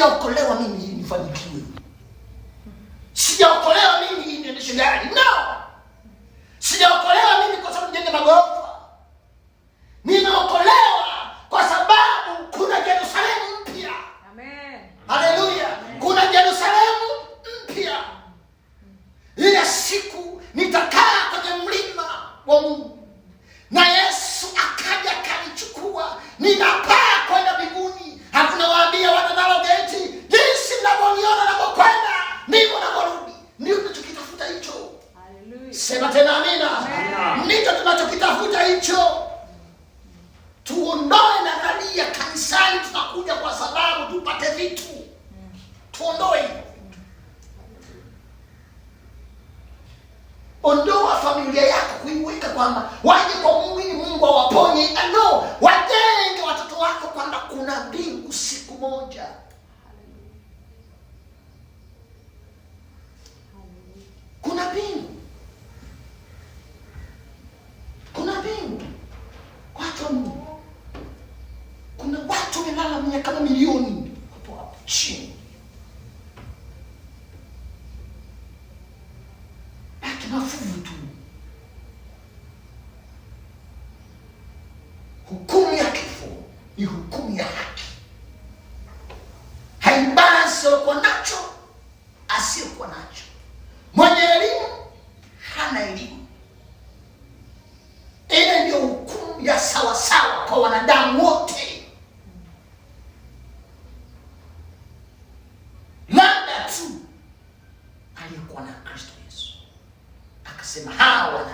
sijaokolewa mimi ili nifanikiwe, sijaokolewa Sema tena amina. Ndicho tunachokitafuta hicho, tuondoe nadharia kanisani, tunakuja kwa sababu tupate vitu. Tuondoe ondoa familia yako kuiweka kwamba waje kwa muumini, Mungu awaponye. No, wajenge watoto wako kwamba kuna mbingu siku moja. Tanzania kama milioni wapo hapo chini. Ah, Mafuvu tu, hukumu ya kifo ni hukumu ya haki, haibaya asiyokuwa nacho, asiyokuwa nacho. Mwenye elimu hana elimu. Ile ndio hukumu ya sawasawa kwa wanadamu wote. Maxim. and how.